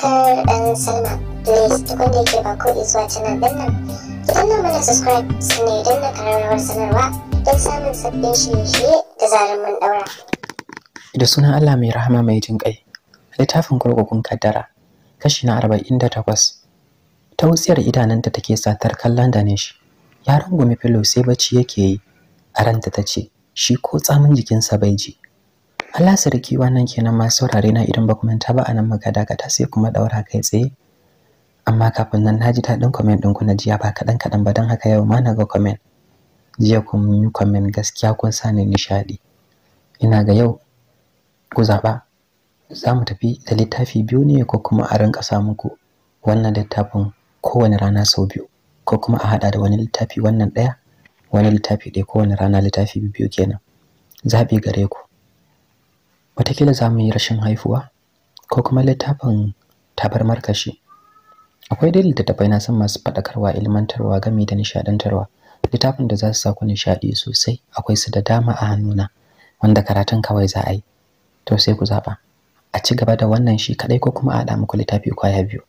subscribe and sign up. Please da yake subscribe sanarwa don samun sabbin da zarar Allah mai rahama mai jin kai. Littafin kurkukun kaddara kashi na arba'in da takwas. Ta wutsiyar idananta take satar kallon da shi. Yaron gumi filo sai bacci yake yi. a ranta ta ce shi ko tsamin jikinsa bai ji Allah sarki wannan kenan masu saurare na idan ba ku manta ba anan muka ta, sai kuma daura kai tsaye amma kafin nan naji daɗin comment ku na jiya ba kaɗan kaɗan ba don haka yau ma na ga comment jiya kun yi comment gaskiya kun sa ni nishaɗi ina ga yau ku zaɓa za mu tafi da littafi biyu ne ko kuma a rinka sa muku wannan littafin kowane rana sau biyu ko kuma a haɗa da wani littafi wannan ɗaya wani littafi ɗaya kowane rana littafi biyu kenan zaɓi gare ku watakila za mu yi rashin haifuwa ko kuma littafin tabarmar markashi akwai dai littattafai na san masu faɗakarwa ilmantarwa gami da nishaɗantarwa littafin da za su sa ku nishaɗi sosai akwai su da dama a hannuna wanda karatun kawai za a yi to sai ku zaɓa a ci gaba da wannan shi kaɗai ko kuma a da muku littafi kwaya biyu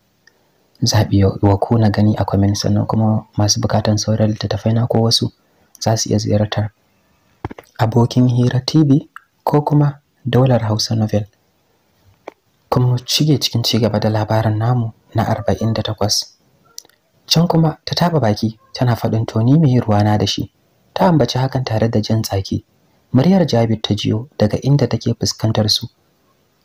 zaɓi wa ku na gani a kwamen sannan kuma masu bukatan sauran littattafai na ko wasu za su iya ziyartar abokin hira tv ko kuma daular Hausa novel. Kuma shige cikin cigaba da labarin namu na arba'in da takwas. Can kuma ta taba baki tana faɗin toni mai ruwana da shi. Ta ambaci hakan tare da jan tsaki. Muryar Jabir ta jiyo daga inda take fuskantar su.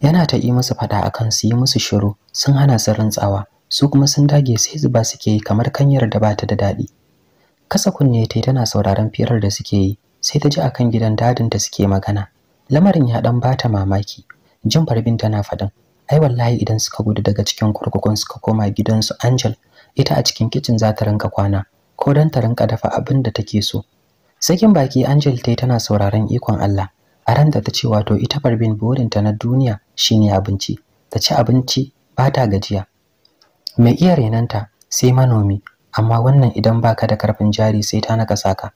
Yana ta yi musu faɗa akan su yi musu shiru sun hana su rantsawa su kuma sun dage sai zuba suke yi kamar kanyar da bata da daɗi. Kasa kunne yi tana sauraron firar da suke yi sai ta ji akan gidan dadin da suke magana. lamarin ya dan bata mamaki jin farbin tana faɗin ai wallahi idan suka gudu daga cikin kurkukun suka koma gidansu Angel ita a cikin kitchen za ta rinka kwana ko dan ta rinka dafa abin da take so sakin baki Angel tai tana sauraron ikon Allah a ran da ta ce wato ita farbin burin ta na duniya shine abinci ta ci abinci ba ta gajiya mai iya renanta sai manomi amma wannan idan baka da karfin jari sai ta naka saka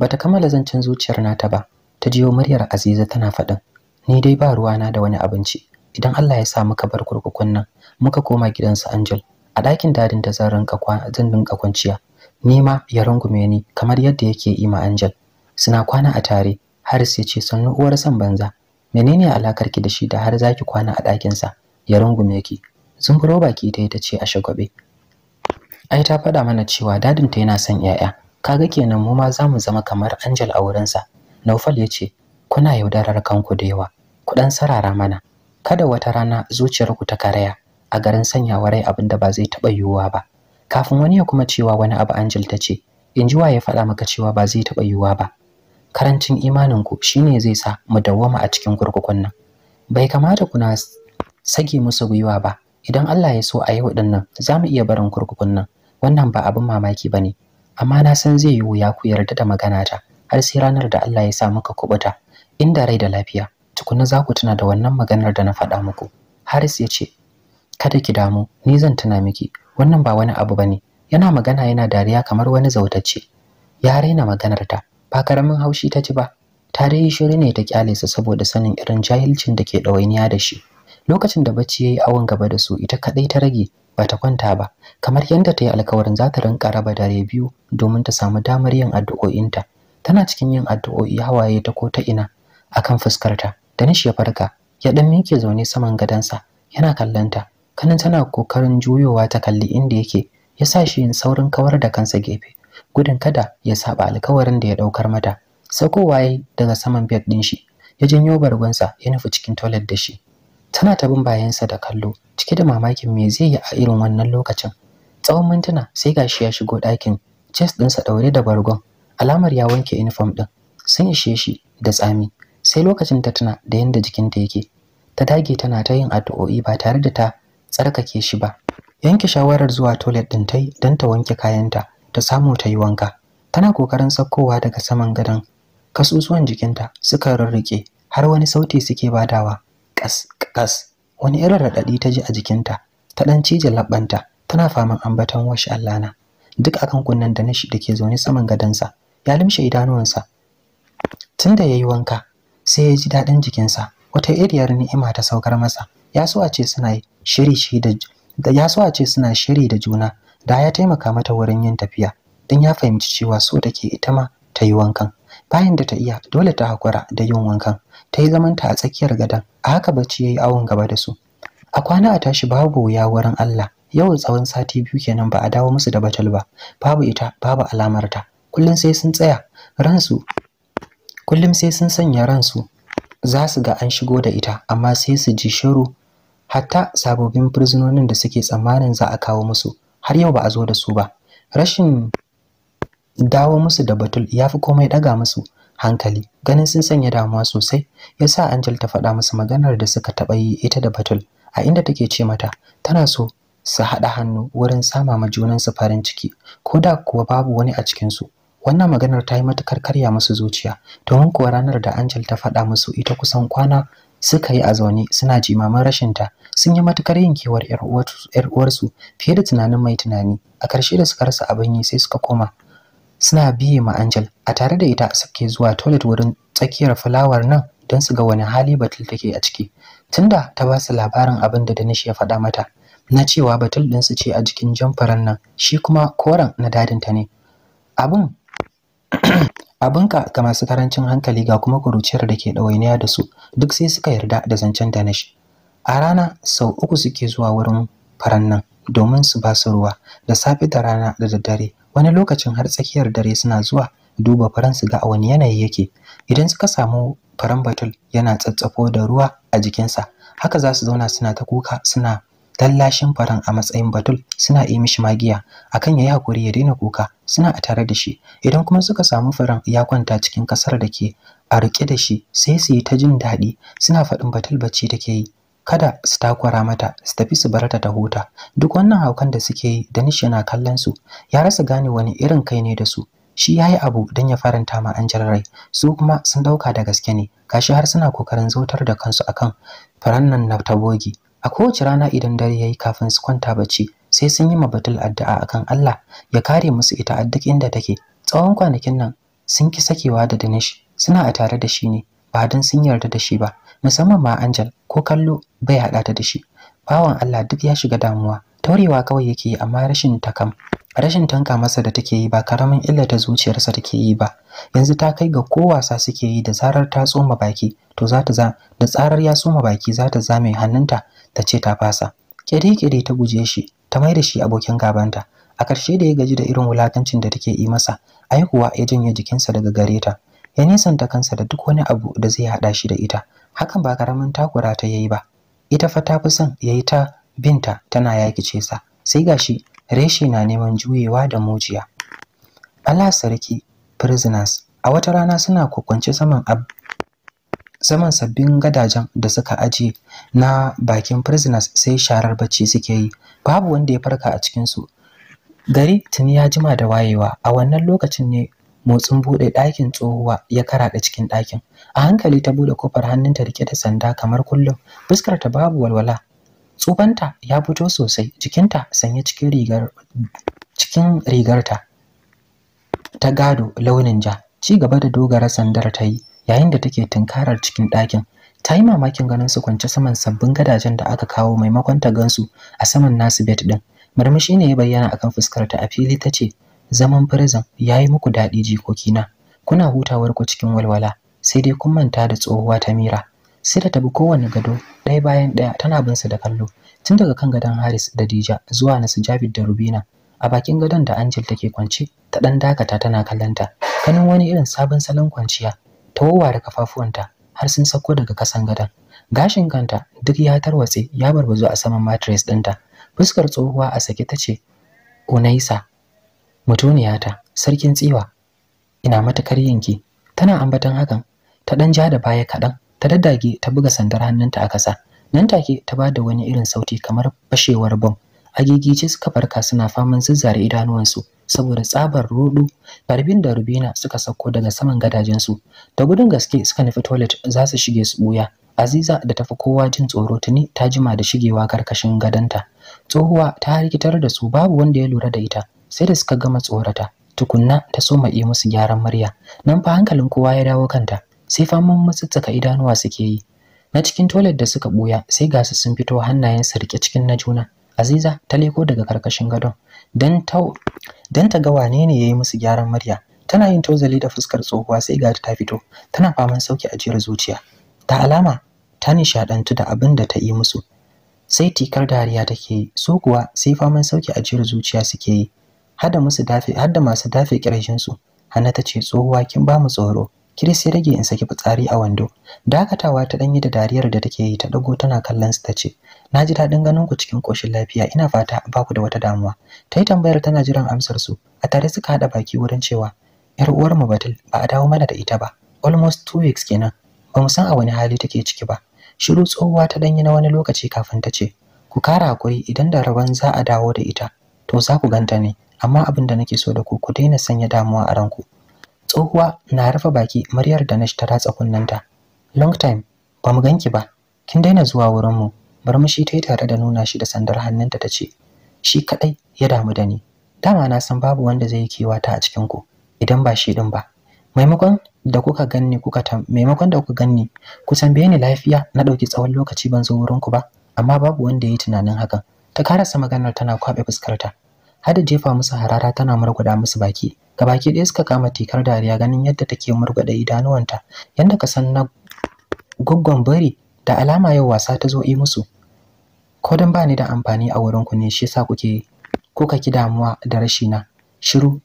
bata kammala zancen zuciyar nata ba ta jiyo muryar Aziza tana faɗin ni dai ba ruwana da wani abinci idan Allah ya sa muka bar kurkukun nan muka koma gidansu Angel a ɗakin dadin da zan rinka zan rinka kwanciya ni ma ya rungume ni kamar yadda yake yi ma Angel suna kwana a tare Haris ya ce sannu uwar san banza menene alakar ki da shi da har zaki kwana a ɗakin sa ya rungume ki zumburo baki ta ita ce a shagwabe ai ta faɗa mana cewa dadin ta yana son 'ya'ya kaga kenan mu ma zamu zama kamar Angel a wurinsa Naufal ya ce, kuna yaudarar kanku da yawa, ku ɗan sarara mana, kada wata rana zuciyarku ta karaya a garin sanyawa rai abin da ba zai taɓa yiwuwa ba. Kafin wani ya kuma cewa wani abu Angel ta ce, in ji ya faɗa maka cewa ba zai taɓa yiwuwa ba. Karancin imaninku ne zai sa mu dawwama a cikin kurkukun nan. Bai kamata ku na sage musu gwiwa ba, idan Allah ya so a yi ɗin nan za mu iya barin kurkukun nan, wannan ba abin mamaki ba ne, amma na san zai yi wuya ku yarda da maganata. ta. har sai ranar da Allah ya sa maka kubuta inda rai da lafiya tukunna za ku tuna da wannan maganar da na faɗa muku Haris ya ce kada ki damu ni zan tuna miki wannan ba wani abu bane yana magana yana dariya kamar wani zautacce ya raina maganar ta ba karamin haushi ta ci ba ta dai shiri ne ta kyale su saboda sanin irin jahilcin da ke ɗawainiya da shi lokacin da bacci yayi awon gaba da su ita kadai ta rage ba ta kwanta ba kamar yadda ta yi alkawarin za ta rinka raba dare biyu domin ta samu damar yin addu'o'inta tana cikin yin addu'o'i hawaye ta ko ta ina akan fuskarta da shi ya farka ya dan miƙe zaune saman gadansa yana kallanta kanin tana kokarin juyowa ta kalli inda yake ya sa shi yin saurin kawar da kansa gefe gudun kada ya saba alkawarin da ya daukar mata saukowa waye daga saman bed din shi ya janyo bargonsa ya nufi cikin toilet da shi tana ta bin bayansa da kallo cike da mamakin me zai yi a irin wannan lokacin tsawon mintuna sai gashi ya shigo ɗakin chest ɗinsa ɗaure da bargon alamar ya wanke uniform din sun ishe shi da tsami sai lokacin ta tuna da yanda jikinta yake ta dage tana ta yin addu'o'i ba tare da ta tsarkake shi ba yanke shawarar zuwa toilet din tai don ta wanke kayanta ta samu ta yi wanka tana kokarin saukowa daga saman gadon kasusuwan jikinta suka rurrike har wani sauti suke badawa kas kas wani irin raɗaɗi ta ji a jikinta ta ɗan cije labbanta tana faman ambaton washi Allah na duk akan kunnen da nashi dake zaune saman sa. ya limshe idanuwansa tunda yayi wanka sai ya ji daɗin jikinsa wata iriyar ni'ima ta saukar masa ya so ce suna shiri shi da da ya so ce suna shiri da juna da ya taimaka mata wurin yin tafiya Dan ya fahimci cewa so take ita ma ta yi wankan bayan da ta iya dole ta hakura da yin wankan ta yi zaman ta a tsakiyar gadon a haka bacci ya yi awon gaba da su a kwana a tashi babu wuya wurin Allah yau tsawon sati biyu kenan ba a dawo musu da batul ba babu ita babu alamar ta. kullum sai sun tsaya ransu kullum sai sun sanya ransu za su ga an shigo da ita amma sai su ji shiru hatta sababbin fursunonin da suke tsammanin za a kawo musu har yau ba a zo da su ba rashin dawo musu da batul ya fi komai daga musu hankali ganin sun sanya damuwa sosai ya sa angel ta faɗa musu maganar da suka taɓa yi ita da batul a inda take ce mata tana so su haɗa hannu wurin sama ma junansu farin ciki ko da kuwa babu wani a cikinsu wannan maganar ta yi matukar karya musu zuciya domin kuwa ranar da Angel ta faɗa musu ita kusan kwana suka yi a zaune suna jimamin rashin ta sun yi matukar yin kewar yar uwarsu fiye da tunanin mai tunani a ƙarshe da suka rasa abin yi sai suka koma suna biye ma Angel a tare da ita suke zuwa toilet wurin tsakiyar fulawar nan don su ga wani hali batul take a ciki tunda ta ba su labarin abin da Danish ya faɗa mata na cewa batul su ce a jikin jamfaran nan shi kuma koren na dadinta ne abin abinka ga masu karancin hankali ga kuma kuruciyar da ke ɗawainiya da su duk sai suka yarda da zancen danish a rana sau uku suke zuwa wurin faran nan domin su ba su ruwa da safe da rana da daddare wani lokacin har tsakiyar dare suna zuwa duba faran su ga a wani yanayi yake idan suka samu faran batul yana tsatsafo da ruwa a jikinsa haka za su zauna suna ta kuka suna tallashin faran a matsayin batul suna yi mishi magiya akan yi hakuri ya daina kuka suna a tare da shi idan kuma suka samu faran ya kwanta cikin kasar da ke a rike da shi sai su yi ta jin daɗi suna faɗin batul bacci take yi kada su takwara mata su tafi su barata ta huta duk wannan haukan da suke yi da nishi yana kallon su ya rasa gane wani irin kai ne da su shi ya yi abu don ya faranta ma an rai su kuma sun ɗauka da gaske ne kashi har suna kokarin zautar da kansu akan nan na tabogi a kowace rana idan dare ya yi kafin su kwanta bacci sai sun yi mabatul addu'a akan Allah ya kare musu ita a duk inda take tsawon kwanakin nan sun ki sakewa da Danish suna a tare da shi ne ba don sun yarda da shi ba musamman ma Angel ko kallo bai haɗa ta da shi bawan Allah duk ya shiga damuwa taurewa kawai yake yi amma rashin takam rashin tanka masa da take yi ba karamin ta zuciyarsa take yi ba yanzu ta kai ga ko wasa suke yi da zarar ta tsoma baki to za ta za da tsarar ya tsoma baki za ta zame hannunta ta ce ta fasa kire-kire ta guje shi ta mai da shi abokin gabanta a ƙarshe da ya gaji da irin wulakancin da take yi masa ai kuwa ya janye jikinsa daga gare ta ya nisanta kansa da duk wani abu da zai haɗa shi da ita hakan ba karamin takura ta yayi ba ita fa ta fi son yayi ta binta tana yakice sa sai gashi reshe na neman juyewa da mujiya Allah sarki prisoners a wata rana suna kokwance saman abu. saman sabbin gadajen da suka aje na bakin prisoners sai sharar bacci suke yi babu wanda ya farka a cikinsu gari tuni ya jima da wayewa a wannan lokacin ne motsin buɗe ɗakin tsohuwa ya karaɗa cikin ɗakin a hankali ta buɗe kofar hannunta rike da sanda kamar kullum fuskarta babu walwala tsubanta ya fito sosai jikinta sanye cikin rigar cikin rigarta ta gado launin ja ci gaba da dogara sandar ta yi yayin da take tunkarar cikin ɗakin ta yi mamakin ganin su kwance saman sabbin gadajen da aka kawo maimakon ta gansu a saman nasu bet din murmushi ne ya bayyana akan fuskar ta a fili ta ce zaman prison ya yi muku daɗi na kuna hutawar ku cikin walwala sai dai kun manta da tsohuwa ta mira sai da tabi kowane gado ɗaya bayan ɗaya tana bin su da kallo tun daga kan gadon haris da dija zuwa na su jabir da rubina a bakin gadon da angel take kwance ta ɗan dakata tana kallonta ganin wani irin sabon salon kwanciya ta wawware kafafuwanta har sun sako daga kasan gadon gashin kanta duk ya tarwatse ya barbazo a saman mattress ɗinta fuskar tsohuwa a sake ta ce unaisa mutuniyata sarkin tsiwa ina matakar yinki tana ambatan hakan ta dan ja da baya kaɗan ta daddage ta buga sandar hannunta a ƙasa nan take ta ba da wani irin sauti kamar fashewar bom agigice suka farka suna faman zazzare idanuwansu saboda tsabar rudu Farbin da Rubina suka sauko daga saman gadajensu da gudun gaske suka nufi toilet za su shige su buya Aziza da tafi kowa jin tsoro tuni ta jima da shigewa karkashin gadanta tsohuwa ta rikitar da su babu wanda ya lura da ita sai da suka gama tsorata tukunna ta soma yi musu gyaran murya nan fa hankalin kowa ya dawo kanta sai faman mutsuttsuka idanuwa suke yi na cikin toilet da suka buya sai gasu sun fito hannayen su cikin na juna aziza ta leko daga karkashin gadon dan don ta ga wane ne ya yi musu gyaran murya tana yin tozali da fuskar tsohuwa sai ga ta fito tana faman sauki ajiyar zuciya ta alama ta nishadantu da abin da ta yi musu sai tikar dariya take yi su kuwa sai faman sauki ajiyar zuciya suke yi har da masu dafe ƙirjinsu hana ta ce tsohuwa kin ba mu tsoro Chris ya rage in saki fitsari a wando. Dakatawa ta danyi da dariyar da take yi ta dago tana kallon su tace, "Na ji daɗin ganin ku cikin koshin lafiya. Ina fata ba ku da wata damuwa." Ta tambayar tana jiran amsar su. A tare suka haɗa baki wurin cewa, "Yar uwar mu Batul ba a dawo mana da ita ba. Almost two weeks kenan. Ba mu san a wani hali take ciki ba." Shiru tsohuwa ta danyi na wani lokaci kafin ta ce, "Ku kara hakuri idan da rabon za a dawo da ita, to za ku ganta ne." Amma abin da nake so da ku ku daina sanya damuwa a ranku. tsohuwa na rufe baki muryar da na shi ta ratsa kunnanta long time ba mu ganki ba kin daina zuwa wurin mu murmushi ta yi tare da nuna shi da sandar hannunta ta ce shi kadai ya damu da ni dama na san babu wanda zai yi kiwata a cikin ku idan ba shi din ba maimakon da kuka ganni kuka tam maimakon da kuka ganni ku tambaye ni lafiya na dauki tsawon lokaci ban zo wurin ku ba amma babu wanda ya yi tunanin hakan ta karasa maganar tana kwabe fuskarta har da jefa musu harara tana murguda musu baki ga baki ɗaya suka kama tikar dariya ganin yadda take murguda idanuwanta yadda ka san na guggon bari da alama yau wasa ta zo yi musu ko dan ba ni da amfani a wurin ku ne shi yasa kuke kuka ki damuwa da rashina. shiru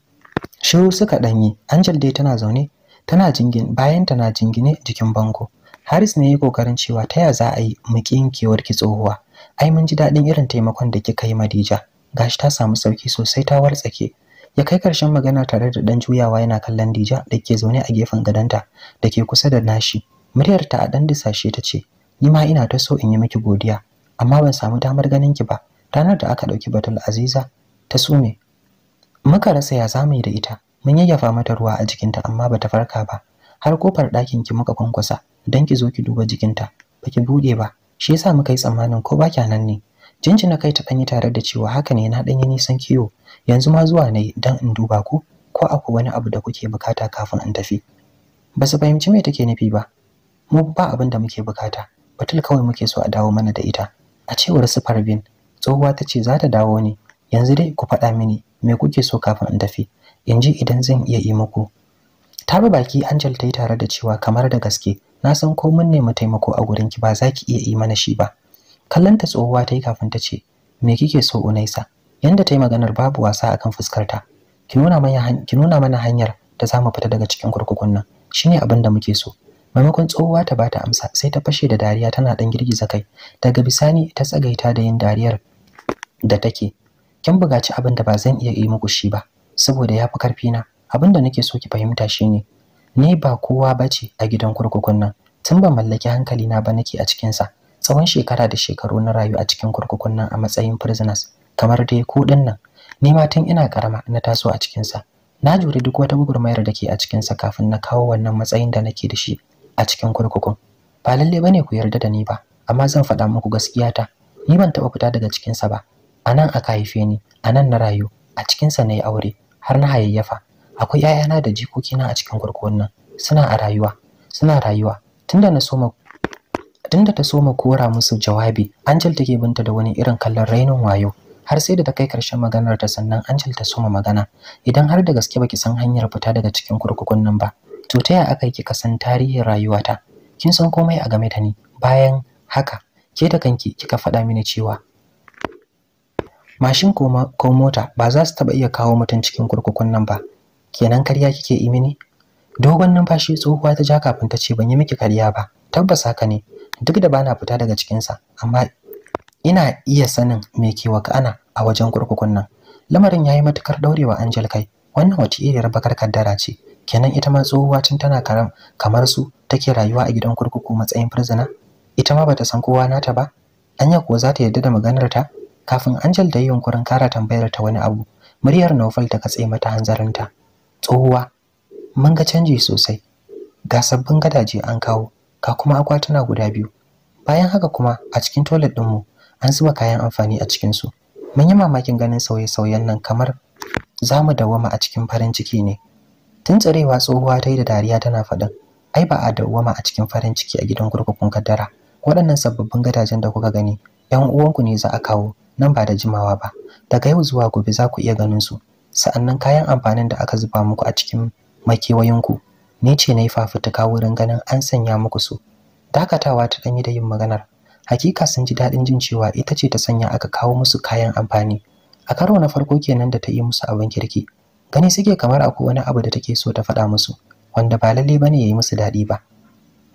shiru suka danyi Angel dai tana zaune tana jingin bayan tana jingine jikin bango Haris ne ya kokarin cewa ta ya za a yi mu kinkewar ki tsohuwa ai mun ji daɗin irin taimakon da kika yi Madija gashi ta samu sauki sosai ta wartsake ya kai karshen magana tare da dan juyawa yana kallon Dija da ke zaune a gefen gadonta da ke kusa da nashi muryar ta a dan disashe ta ce ni ma ina ta so in yi miki godiya amma ban samu damar ganin ki ba ranar da aka dauki batul aziza ta sume muka rasa ya zamu da ita mun yayyafa mata ruwa a jikinta amma bata farka ba har kofar ɗakin ki muka kwankwasa don ki zo ki duba jikinta baki buɗe ba shi yasa muka yi tsammanin ko ba kya nan ne jinjina kai ta kanyi tare da cewa haka ne na yi nisan kiwo yanzu ma zuwa ne dan in duba ku ko akwai wani abu da kuke bukata kafin in tafi ba su fahimci me take nufi ba mu ba abin da muke bukata batul kawai muke so a dawo mana da ita a cewar su farbin tsohuwa ta ce za ta dawo ne yanzu dai ku faɗa mini me kuke so kafin in tafi in ji idan zan iya yi muku ta bi baki angel ta yi tare da cewa kamar da gaske na san ko mun nemi taimako a ki ba za ki iya yi mana shi ba kallon ta tsohuwa ta yi kafin ta ce me kike so unaisa yanda ta yi maganar babu wasa akan fuskarta ki nuna mana hanyar da za mu fita daga cikin kurkukun nan shine abin da muke so maimakon tsohuwa ta bata amsa sai ta fashe da dariya tana dan girgiza kai daga bisani ta tsagaita da yin dariyar da take kin bugaci abin da ba zan iya yi muku shi ba saboda yafi karfi na abin da nake so ki fahimta shine ni ba kowa bace a gidan kurkukun nan tun ba mallaki hankali na ba nake a cikin sa tsawon shekara da shekaru na rayu a cikin kurkukun nan a matsayin prisoners kamar dai ku nan ni ma tun ina karama na taso a cikin sa na jure duk wata gurmayar da ke a cikin sa kafin na kawo wannan matsayin da nake da shi a cikin kurkukun ba lalle bane ku yarda da ni ba amma zan faɗa muku gaskiya ta ni ban taɓa fita daga cikin sa ba anan aka haife ni anan na rayu a cikin sa yi aure har na hayayyafa akwai 'ya'yana da jikokina a cikin kurkukun nan suna a rayuwa suna rayuwa tunda na soma tunda ta soma kora musu jawabi Angel take binta da wani irin kallon rainin wayo har sai da ta kai karshen maganar ta sannan Angel ta soma magana idan har da gaske baki san hanyar fita daga cikin kurkukun nan ba to ta yaya aka yi kika san tarihin rayuwata kin san komai a game da ni bayan haka ke da kanki kika faɗa mini cewa mashin ko mota ba za su taɓa iya kawo mutum cikin kurkukun nan ba kenan karya kike yi mini dogon numfashi tsohuwa ta ja kafin ta ce ban yi miki karya ba tabbas haka ne duk da bana fita daga cikinsa amma ina iya sanin me ke wakana a wajen kurkukun nan lamarin yayi matukar daurewa Angel kai wannan wace iriyar bakar kaddara ce kenan ita ma tsohuwa tun tana karam kamar su take rayuwa a gidan kurkuku matsayin prisoner ita ma bata san kowa nata ba anya ko za ta yarda da maganar ta kafin Angel da yi yunkurin kara tambayar ta wani abu muryar nofal ta katse mata hanzarinta tsohuwa mun ga canji sosai ga sabbin gadaje an kawo ga kuma akwatuna guda biyu bayan haka kuma a cikin toilet ɗinmu an zuba kayan amfani a cikin su mun yi mamakin ganin sauye-sauyen nan kamar za mu dawwama a cikin farin ciki ne tun tsarewa tsohuwa ta yi da dariya tana faɗin ai ba a dawwama a cikin farin ciki a gidan kurkukun kaddara waɗannan sababbin gadajen da kuka gani 'yan uwanku ne za a kawo nan ba da jimawa ba daga yau zuwa gobe za ku iya ganin su sa'annan kayan amfanin da aka zuba muku a cikin makewayinku ni ce na yi fafutuka wurin ganin an sanya muku su dakatawa ta danyi da yin maganar hakika sun ji daɗin jin cewa ita ce ta sanya aka kawo musu kayan amfani a karo na farko kenan da ta yi musu abin kirki gani suke kamar akwai wani abu da take so ta faɗa musu wanda ba lalle bane yayi musu daɗi ba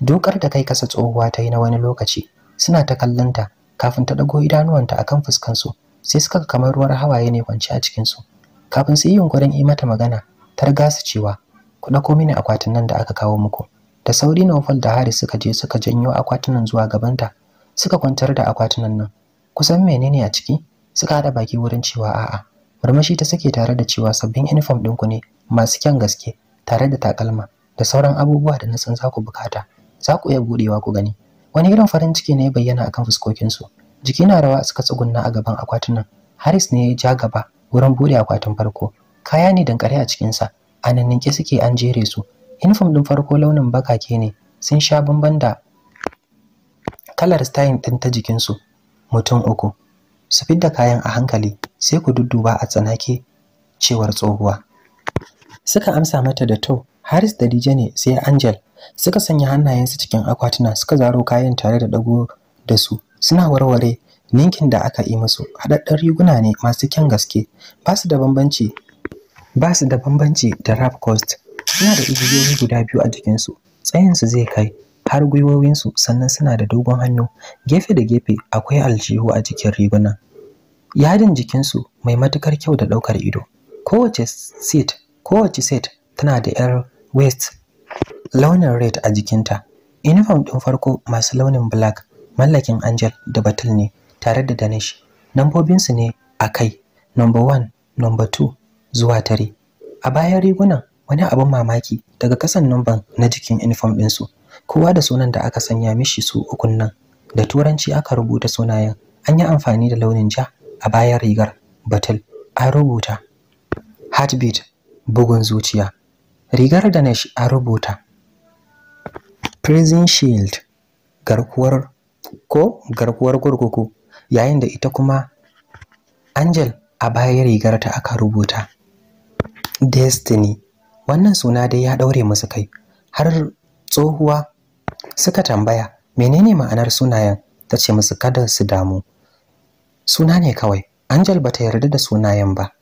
dokar da kai kasa tsohuwa ta yi na wani lokaci suna ta kallon kafin ta dago idanuwanta akan fuskansu sai suka kamar ruwar hawaye ne kwance a cikin su kafin su yi yunkurin yi mata magana ta riga su cewa ku ɗauko mini akwatin nan da aka kawo muku da sauri Naufal da Haris suka je suka janyo akwatunan zuwa gabanta suka kwantar da akwatunan nan kusan menene a ciki suka hada baki wurin cewa a'a murmushi ta sake tare da cewa sabbin uniform ɗinku ne masu kyan gaske tare da takalma da sauran abubuwa da na san za ku bukata za ku iya budewa ku gani wani irin farin ciki ne bayyana akan su jiki na rawa suka tsugunna a gaban akwatunan Haris ne ya ja gaba wurin bude akwatin farko kaya ne dankare a cikinsa a nannike suke an jere su uniform din farko launin bakake ne sun sha bamban da kalar style din ta jikin su mutum uku su fidda kayan a hankali sai ku dudduba a tsanake cewar tsohuwa suka amsa mata da to Haris da Dije ne sai Angel suka sanya hannayensu cikin akwatuna suka zaro kayan tare da dago da su suna warware ninkin da aka yi musu haɗaɗɗen riguna ne masu kyan gaske ba su da bambanci ba su da bambanci da rap cost suna da igiyoyi guda biyu a jikinsu tsayinsu zai kai har gwiwowinsu sannan suna da dogon hannu gefe da gefe akwai aljihu a jikin riguna yadin jikinsu mai matukar kyau da ɗaukar ido kowace set kowace set tana da yar waist launin red a jikinta uniform din farko masu launin black mallakin angel da battle ne tare da danish nambobinsu ne a kai number 1 number 2 zuwa tare a bayan rigunan wani abin mamaki daga kasan numban na jikin uniform ɗinsu kowa da sunan da aka sanya mishi su ukun nan da turanci aka rubuta sunayen an yi amfani da launin ja a bayan rigar batul an rubuta heartbeat bugun zuciya rigar da shi a rubuta prison shield garkuwar ko garkuwar kurkuku yayin da ita kuma angel a bayan rigar ta aka rubuta Destiny wannan suna dai ya daure musu kai har tsohuwa suka tambaya menene ma'anar sunayen ta ce musu kada su damu suna ne kawai Angel bata yarda da sunayen ba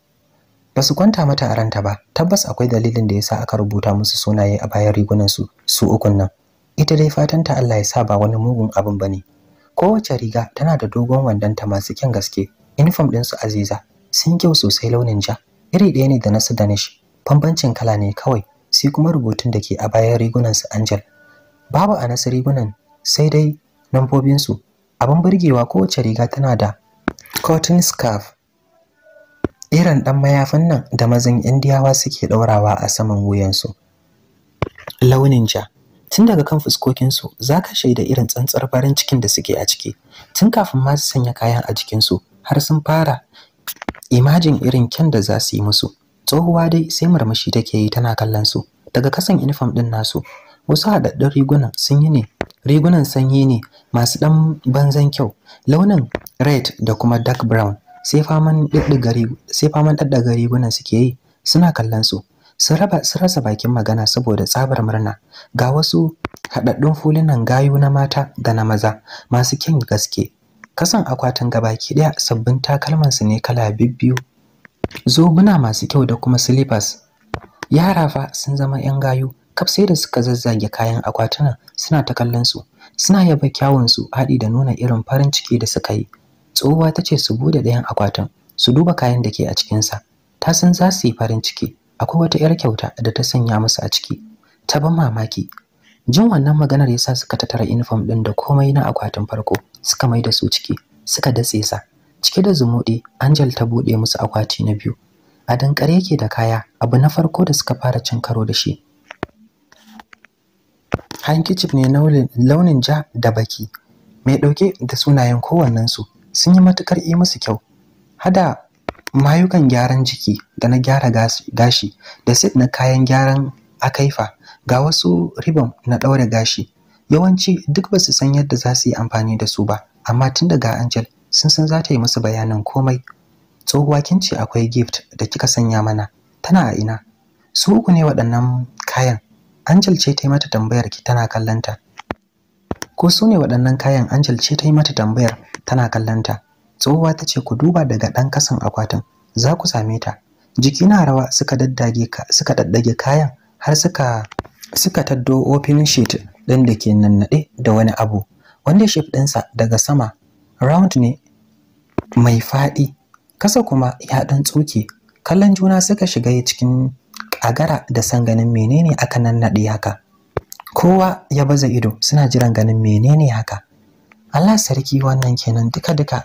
ba su kwanta mata a ranta ba tabbas akwai dalilin da yasa aka rubuta musu sunaye a bayan rigunan su su ukun nan ita dai fatan ta Allah ya sa ba wani mugun abin bane kowace riga tana da dogon wandonta masu kyan gaske uniform ɗinsu aziza sun kyau sosai launin ja iri ɗaya ne da na su danish bambancin kala ne kawai sai kuma rubutun da ke a bayan rigunan su angel babu a nasu rigunan sai dai lambobinsu abin burgewa kowace riga tana da cotton scarf irin ɗan mayafin nan da mazan indiyawa suke ɗaurawa a saman wuyansu launin ja tun daga kan fuskokinsu za ka shaida irin tsantsar farin cikin da suke a ciki tun kafin ma su sanya kayan a jikin su har sun fara imajin irin kyan da za su yi musu tsohuwa dai sai murmushi take yi tana kallon su daga kasan uniform din nasu wasu haɗaɗɗun riguna sun yi ne rigunan sanyi ne masu ɗan banzan kyau launin red da kuma dark brown sai faman ɗaɗɗaga rigunan suke yi suna kallon su su rasa bakin magana saboda tsabar murna ga wasu haɗaɗɗun fulunan gayu na mata da na maza masu kyan gaske kasan akwatin gabaki daya sabbin takalmansu ne kala bibbiyu zobuna masu kyau da kuma slippers yara fa sun zama yan gayu kaf sai da suka zazzage kayan akwatuna suna ta kallon su suna yaba kyawun su haɗi da nuna irin farin ciki da suka yi tsohuwa ta ce su bude ɗayan akwatun su duba kayan da ke a cikin sa ta san za su yi farin ciki akwai wata 'yar kyauta da ta sanya musu a ciki ta ban mamaki jin wannan maganar yasa suka tattara uniform ɗin da komai na akwatin farko suka mai da su ciki suka datse sa cike da zumuɗi Angel ta buɗe musu akwati na biyu a dankare yake da kaya abu na farko da suka fara cin karo da shi hankicif ne launin ja da baki mai ɗauke da sunayen kowannensu sun yi matukar yi musu kyau hada mayukan gyaran jiki da na gyara gashi da sit na kayan gyaran akaifa ga wasu ribon na ɗaure gashi yawanci duk ba su san yadda za su yi amfani da su ba amma tun daga angel sun san za ta yi musu bayanin komai tsohuwa kin ce akwai gift da kika sanya mana tana a ina su uku ne waɗannan kayan angel ce ta yi mata tambayar ki tana kallanta ko su ne waɗannan kayan angel ce ta yi mata tambayar tana kallanta tsohuwa ta ce ku duba daga ɗan kasan akwatin za ku same ta jiki na rawa suka daddage kayan har suka suka taddo opening sheet ɗin da ke nannaɗe da wani abu wanda shif ɗinsa daga sama round ne mai faɗi kasa kuma ya ɗan tsuke kallon juna suka shiga cikin ƙagara da san ganin menene aka nannaɗe haka kowa ya baza ido suna jiran ganin menene haka Allah sarki wannan kenan duka-duka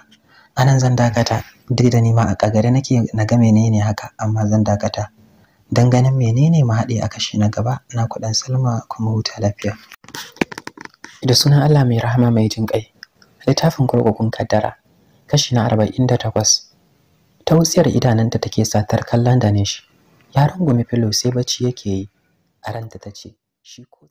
anan zan dakata dai da nima a kagare nake na ga menene haka amma zan dakata don ganin menene mahaɗi a kashe na gaba na kuɗin salma kuma huta lafiya da sunan allah mai rahama mai jin ƙai littafin kurkukun kaddara kashi na arba'in da takwas ta wutsiyar idananta take satar kallon da ne shi ya rungume filo sai bacci yake yi a ranta ta ce shi ko